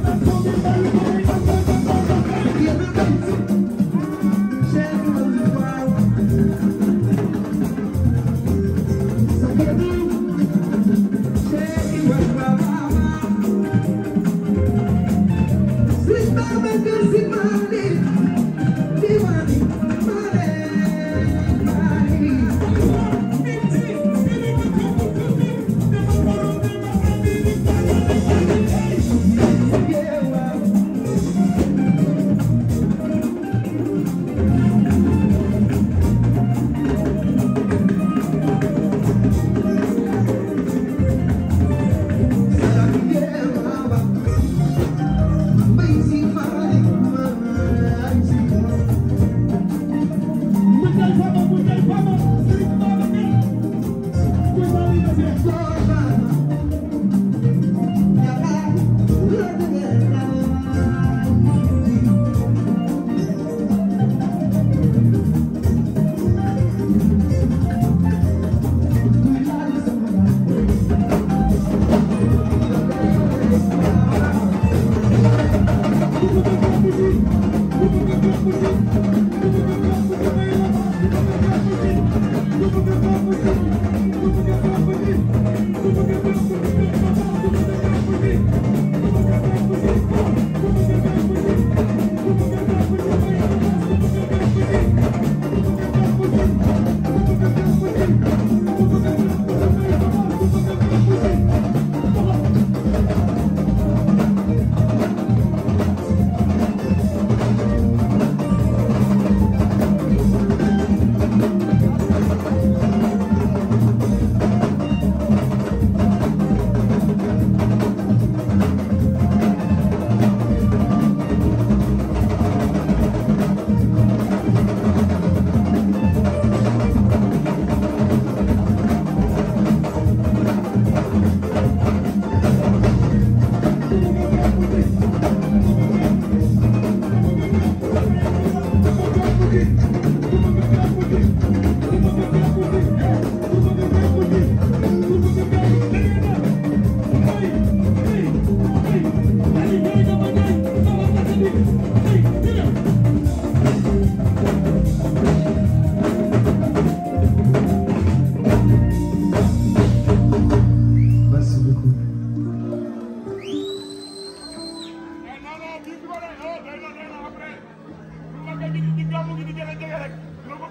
Thank you.